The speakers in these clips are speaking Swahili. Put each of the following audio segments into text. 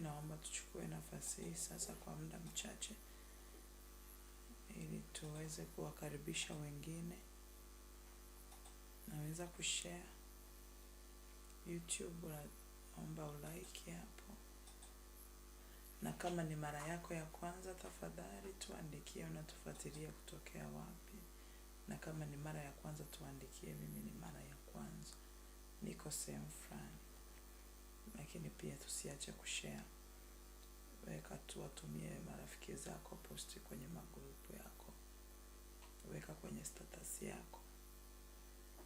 naomba tuchukue nafasi hii sasa kwa muda mchache ili tuweze kuwakaribisha wengine. Naweza kushare YouTube, naomba ulike hapo, na kama ni mara yako ya kwanza, tafadhali tuandikie unatufuatilia kutokea wapi, na kama ni mara ya kwanza tuandikie, mimi ni mara ya kwanza, niko sehemu fulani lakini pia tusiache kushare, weka tu, watumie marafiki zako, posti kwenye magrupu yako, weka kwenye status yako,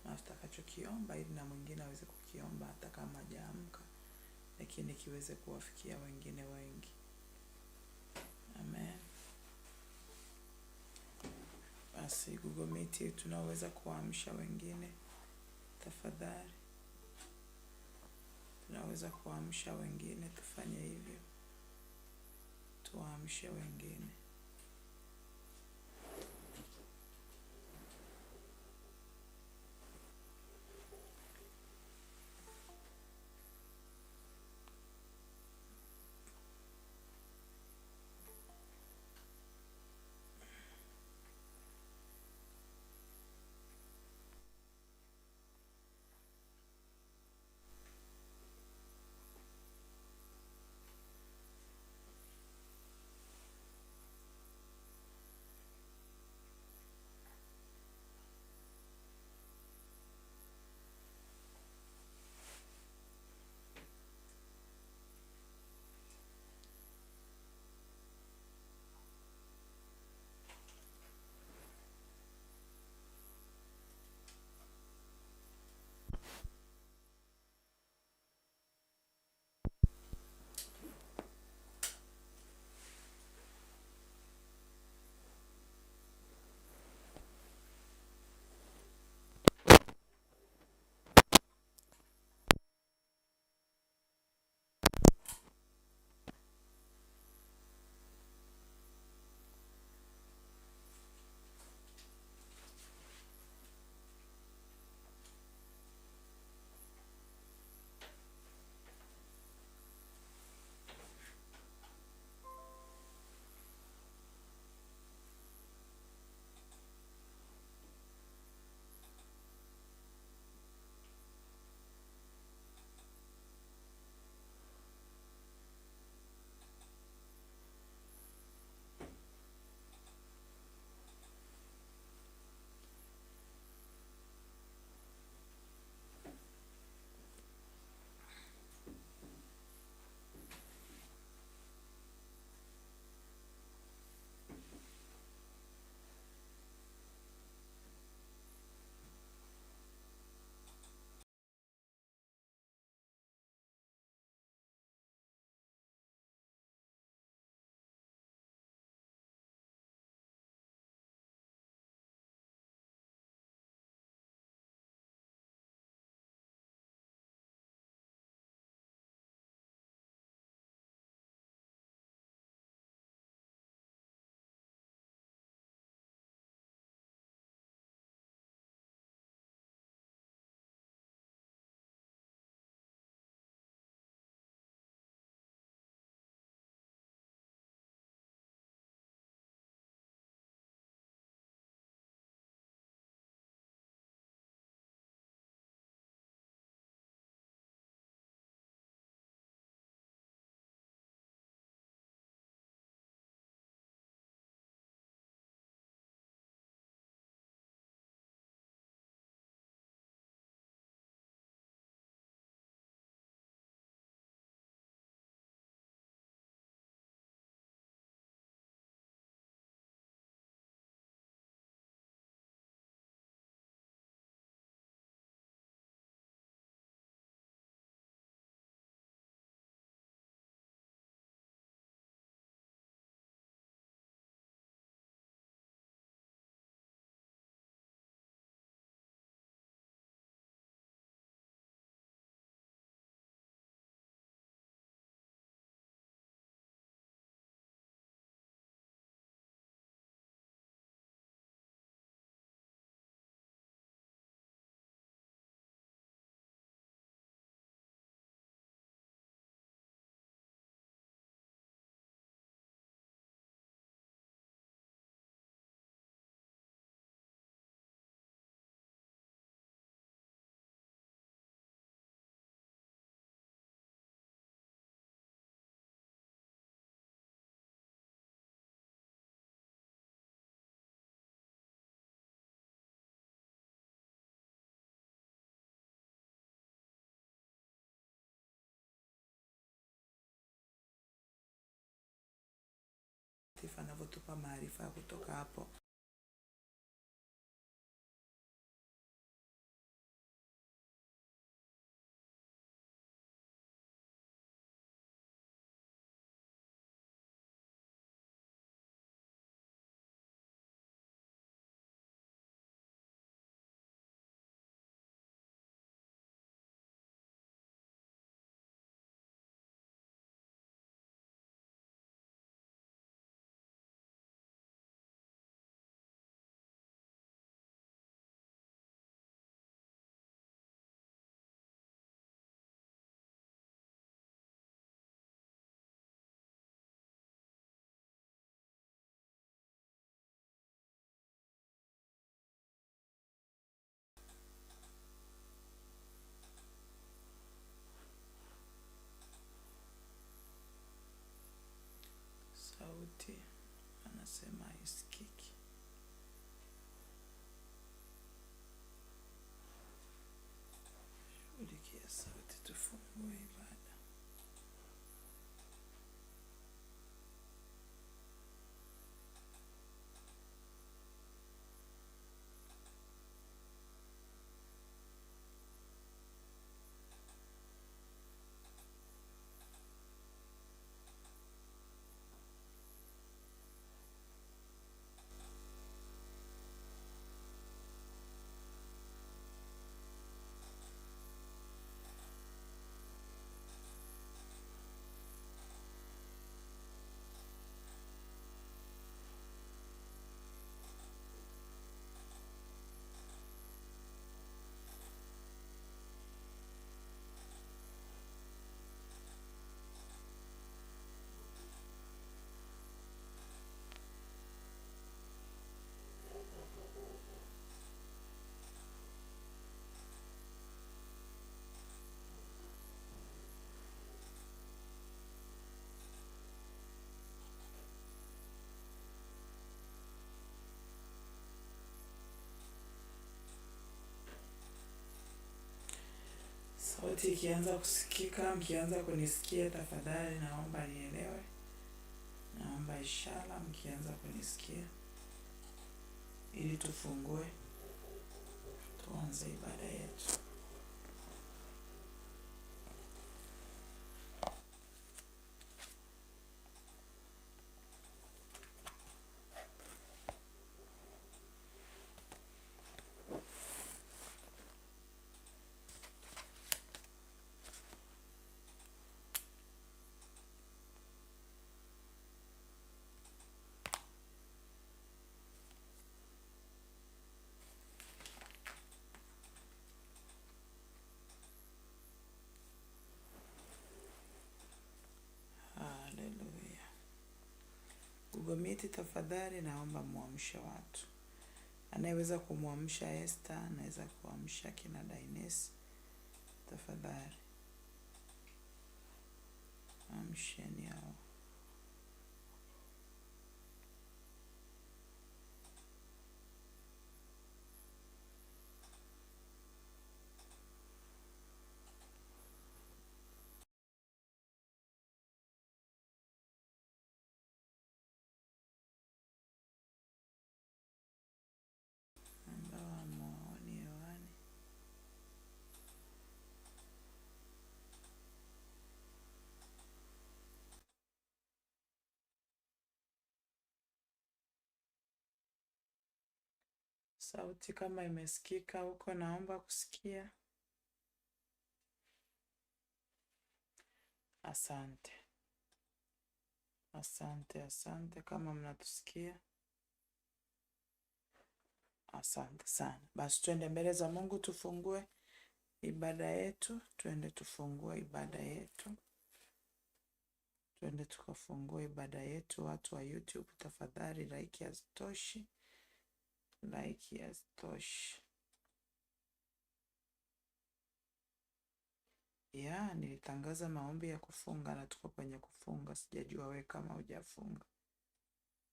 na tutakachokiomba ili na mwingine aweze kukiomba hata kama hajaamka, lakini kiweze kuwafikia wengine wengi. Amen. Basi Google Meet tunaweza kuamsha wengine, tafadhali tunaweza kuamsha wengine. Tufanye hivyo, tuwaamshe wengine. Tupamari, Fago Tocapo, yote anasema Sauti ikianza kusikika, mkianza kunisikia, tafadhali naomba nielewe, naomba ishara mkianza kunisikia, ili tufungue tuanze ibada yetu. Gomiti, tafadhali naomba muamshe watu. Anayeweza kumwamsha Esther, anaweza kuamsha kina Dainesi, tafadhali amsheni hao. sauti kama imesikika huko, naomba kusikia. Asante, asante, asante kama mnatusikia, asante sana. Basi tuende mbele za Mungu, tufungue ibada yetu, tuende tufungue ibada yetu, tuende tukafungue ibada yetu. Watu wa YouTube tafadhali, like hazitoshi like yes coś. Ya, nilitangaza maombi ya kufunga na tuko kwenye kufunga. Sijajua we kama hujafunga.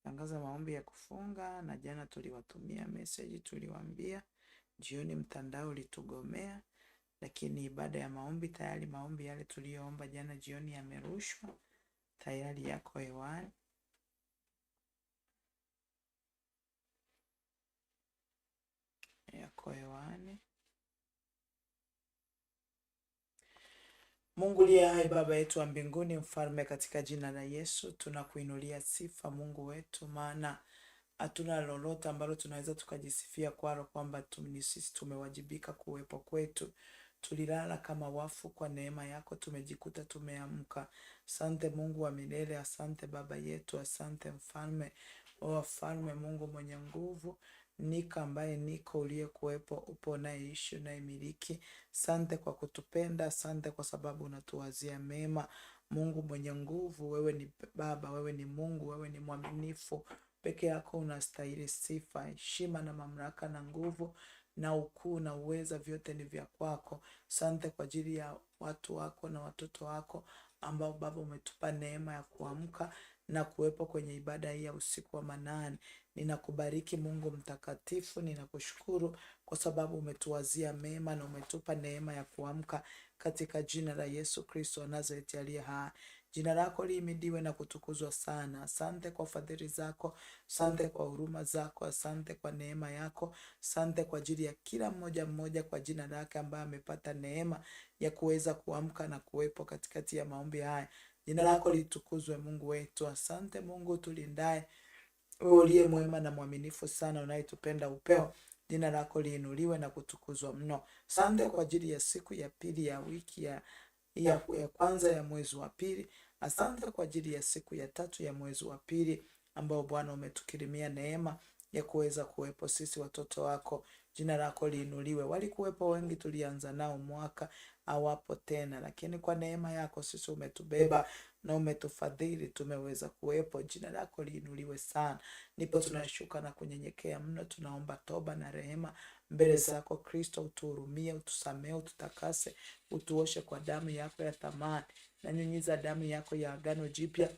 Tangaza maombi ya kufunga, na jana tuliwatumia meseji, tuliwaambia jioni mtandao ulitugomea, lakini ibada ya maombi tayari, maombi yale tuliyoomba jana jioni yamerushwa tayari, yako hewani. yako hewani. Mungu liye hai, Baba yetu wa mbinguni, Mfalme, katika jina la Yesu tunakuinulia sifa, Mungu wetu, maana hatuna lolote ambalo tunaweza tukajisifia kwalo kwamba ni sisi tumewajibika kuwepo kwetu. Tulilala kama wafu, kwa neema yako tumejikuta tumeamka. Asante Mungu wa milele, asante Baba yetu, asante Mfalme wa wafalme, Mungu mwenye nguvu, Nika ambaye niko uliyekuwepo, upo, unayeishi, unayemiliki. Sante kwa kutupenda, sante kwa sababu unatuwazia mema. Mungu mwenye nguvu, wewe ni Baba, wewe ni Mungu, wewe ni mwaminifu. Peke yako unastahili sifa, heshima na mamlaka na nguvu na ukuu na uweza, vyote ni vya kwako. Sante kwa ajili ya watu wako na watoto wako ambao Baba umetupa neema ya kuamka na kuwepo kwenye ibada hii ya usiku wa manane. Ninakubariki Mungu mtakatifu, ninakushukuru kwa sababu umetuwazia mema na umetupa neema ya kuamka katika jina la Yesu Kristo wa Nazareti aliye hai. Jina lako liimidiwe na kutukuzwa sana. Asante kwa fadhili zako, asante kwa huruma zako, asante kwa neema yako, asante kwa ajili ya kila mmoja mmoja kwa jina lake ambaye amepata neema ya kuweza kuamka na kuwepo katikati ya maombi haya. Jina lako litukuzwe Mungu wetu. Asante Mungu tulindaye wewe uliye mwema na mwaminifu sana, unayetupenda upeo, jina lako liinuliwe na kutukuzwa mno. Asante kwa ajili ya siku ya pili ya wiki ya, ya, ya kwanza ya mwezi wa pili. Asante kwa ajili ya siku ya tatu ya mwezi wa pili ambao Bwana umetukirimia neema ya kuweza kuwepo sisi watoto wako. Jina lako liinuliwe. Walikuwepo wengi tulianza nao mwaka, hawapo tena, lakini kwa neema yako sisi umetubeba na umetufadhili tumeweza kuwepo. Jina lako liinuliwe sana. Ndipo tunashuka na kunyenyekea mno, tunaomba toba na rehema mbele zako Kristo, utuhurumie, utusamee, ututakase, utuoshe kwa damu yako ya thamani na nyunyiza damu yako ya agano jipya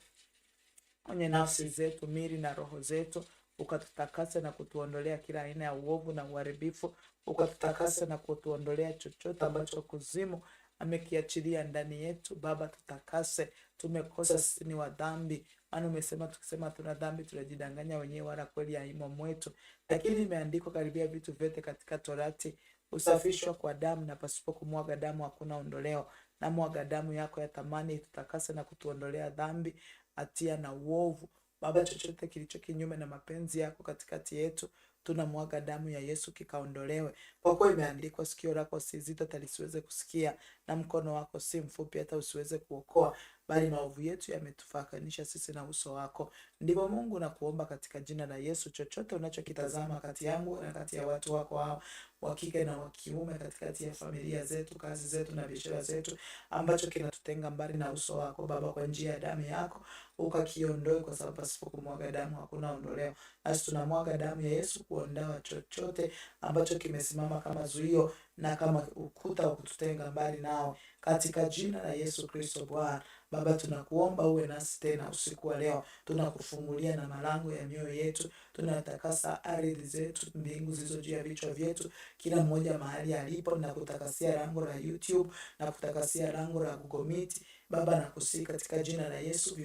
kwenye nafsi zetu, miri na roho zetu ukatutakase na kutuondolea kila aina ya uovu na uharibifu, ukatutakase na kutuondolea chochote ambacho kuzimu amekiachilia ndani yetu. Baba, tutakase, tumekosa sisi ni wa dhambi, maana umesema tukisema tuna dhambi tunajidanganya wenyewe, wala kweli haimo mwetu. Lakini imeandikwa karibia vitu vyote katika Torati usafishwa kwa damu, na pasipo kumwaga damu hakuna ondoleo. Na mwaga damu yako ya thamani itutakase na kutuondolea dhambi, hatia na uovu. Baba, chochote kilicho kinyume na mapenzi yako katikati yetu tunamwaga damu ya Yesu kikaondolewe, kwa kuwa imeandikwa, sikio lako si zito hata lisiweze kusikia, na mkono wako si mfupi hata usiweze kuokoa, bali maovu yetu yametufakanisha sisi na uso wako. ndipo Mungu, nakuomba katika jina la Yesu, chochote unachokitazama kati yangu na kati ya watu wako hao, wa kike na wa kiume katikati ya familia zetu, kazi zetu na biashara zetu, ambacho kinatutenga mbali na uso wako Baba, kwa njia ya damu yako ukakiondoe, kwa sababu pasipo kumwaga damu hakuna ondoleo. Nasi tunamwaga damu ya Yesu kuondoa chochote ambacho kimesimama kama zuio na kama ukuta wa kututenga mbali nao, katika jina la Yesu Kristo Bwana. Baba, tunakuomba uwe nasi tena usiku wa leo, tunakufungulia na malango ya mioyo yetu, tunatakasa ardhi zetu, mbingu zilizo juu ya vichwa vyetu, kila mmoja mahali alipo, na kutakasia lango la YouTube na kutakasia lango la Google Meet Baba, nakusii katika jina la Yesu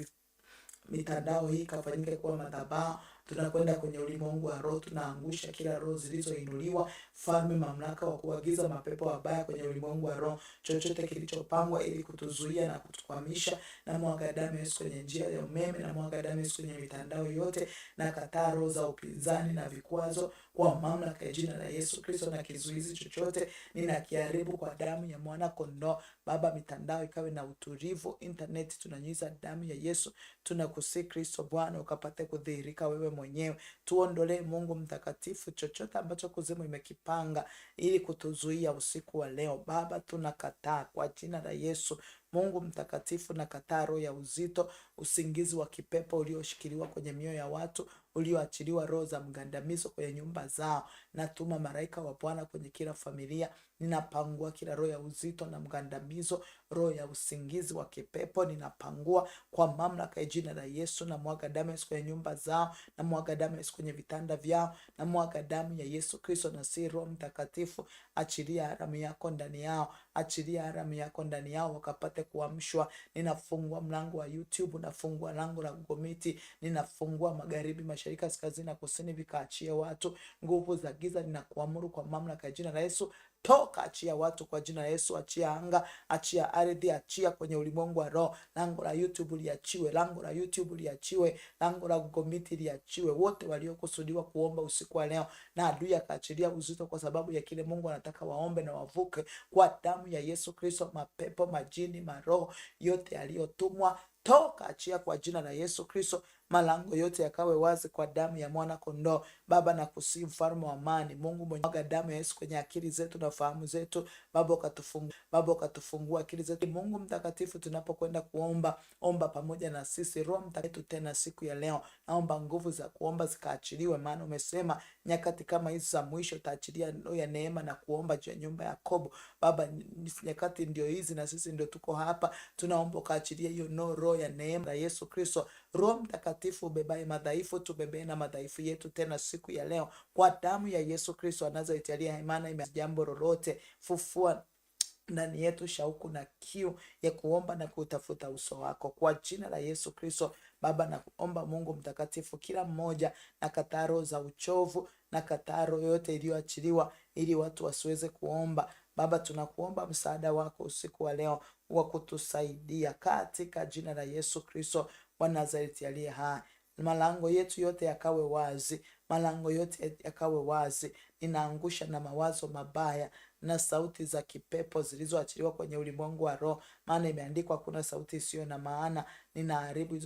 mitandao hii kafanyike kuwa madhabahu tunakwenda kwenye ulimwengu wa roho, tunaangusha kila roho zilizoinuliwa, falme, mamlaka wa kuagiza mapepo wabaya kwenye ulimwengu wa roho, chochote kilichopangwa ili kutuzuia na kutukwamisha, na mwaga damu Yesu kwenye njia ya umeme, na mwaga damu Yesu kwenye mitandao yote, na kataa roho za upinzani na vikwazo kwa mamlaka ya jina la Yesu Kristo, na kizuizi chochote ninakiharibu kwa damu ya mwana kondoo. Baba, mitandao ikawe na utulivu, internet tunanyiza damu ya Yesu. Tunakusi Kristo Bwana ukapate kudhihirika wewe mwenyewe, tuondolee Mungu mtakatifu chochote ambacho kuzimu imekipanga ili kutuzuia usiku wa leo. Baba, tunakataa kwa jina la Yesu. Mungu mtakatifu, na kataa roho ya uzito, usingizi wa kipepo ulioshikiliwa kwenye mioyo ya watu, ulioachiliwa roho za mgandamizo kwenye nyumba zao natuma malaika wa Bwana kwenye kila familia, ninapangua kila roho ya uzito na mgandamizo, roho ya usingizi wa kipepo ninapangua kwa mamlaka ya jina la Yesu. Na mwaga damu Yesu kwenye nyumba zao, na mwaga damu Yesu kwenye vitanda vyao, na mwaga damu ya Yesu Kristo. Na si Roho Mtakatifu, achilia haramu yako ndani yao, achilia haramu yako ndani yao, wakapate kuamshwa. Ninafungua mlango wa YouTube, nafungua lango la Gomiti, ninafungua magharibi, mashariki, kaskazini na kusini, vikaachie watu nguvu za giza, ninakuamuru kwa mamlaka ya jina la Yesu, toka! Achia watu kwa jina la Yesu, achia anga, achia ardhi, achia kwenye ulimwengu wa roho. Lango la YouTube liachiwe, lango la YouTube liachiwe, lango la Google Meet liachiwe. Wote waliokusudiwa kuomba usiku wa leo na adui akaachilia uzito, kwa sababu ya kile Mungu anataka waombe na wavuke, kwa damu ya Yesu Kristo, mapepo, majini, maroho yote yaliyotumwa, toka! Achia kwa jina la Yesu Kristo malango yote yakawe wazi kwa damu ya mwana kondoo. Baba na kusihi, mfalme wa amani, Mungu mwenye mwaga damu ya Yesu kwenye akili zetu na fahamu zetu, Baba ukatufungua, Baba ukatufungua akili zetu. Mungu mtakatifu, tunapokwenda kuomba, omba pamoja na sisi. Roho mtakatifu, tena siku ya leo naomba nguvu za kuomba zikaachiliwe, maana umesema nyakati kama hizi za mwisho utaachilia roho ya neema na kuomba juu ya nyumba ya Yakobo. Baba, nyakati ndio hizi na sisi ndio tuko hapa, tunaomba ukaachilia hiyo no roho ya neema ya Yesu Kristo, Roho mtakatifu mtakatifu ubebaye madhaifu, tubebee na madhaifu yetu tena siku ya leo, kwa damu ya Yesu Kristo anazoitalia imani ime jambo lolote. Fufua ndani yetu shauku na kiu ya kuomba na kutafuta uso wako kwa jina la Yesu Kristo. Baba, nakuomba Mungu mtakatifu, kila mmoja na kataro za uchovu na kataro yote iliyoachiliwa ili watu wasiweze kuomba. Baba, tunakuomba msaada wako usiku wa leo wa kutusaidia katika jina la Yesu Kristo wa Nazareti aliye hai. Malango yetu yote yakawe wazi, malango yote yakawe wazi. Ninaangusha na mawazo mabaya na sauti za kipepo zilizoachiliwa kwenye ulimwengu wa roho, maana imeandikwa, hakuna sauti isiyo na maana. Ninaharibu hizo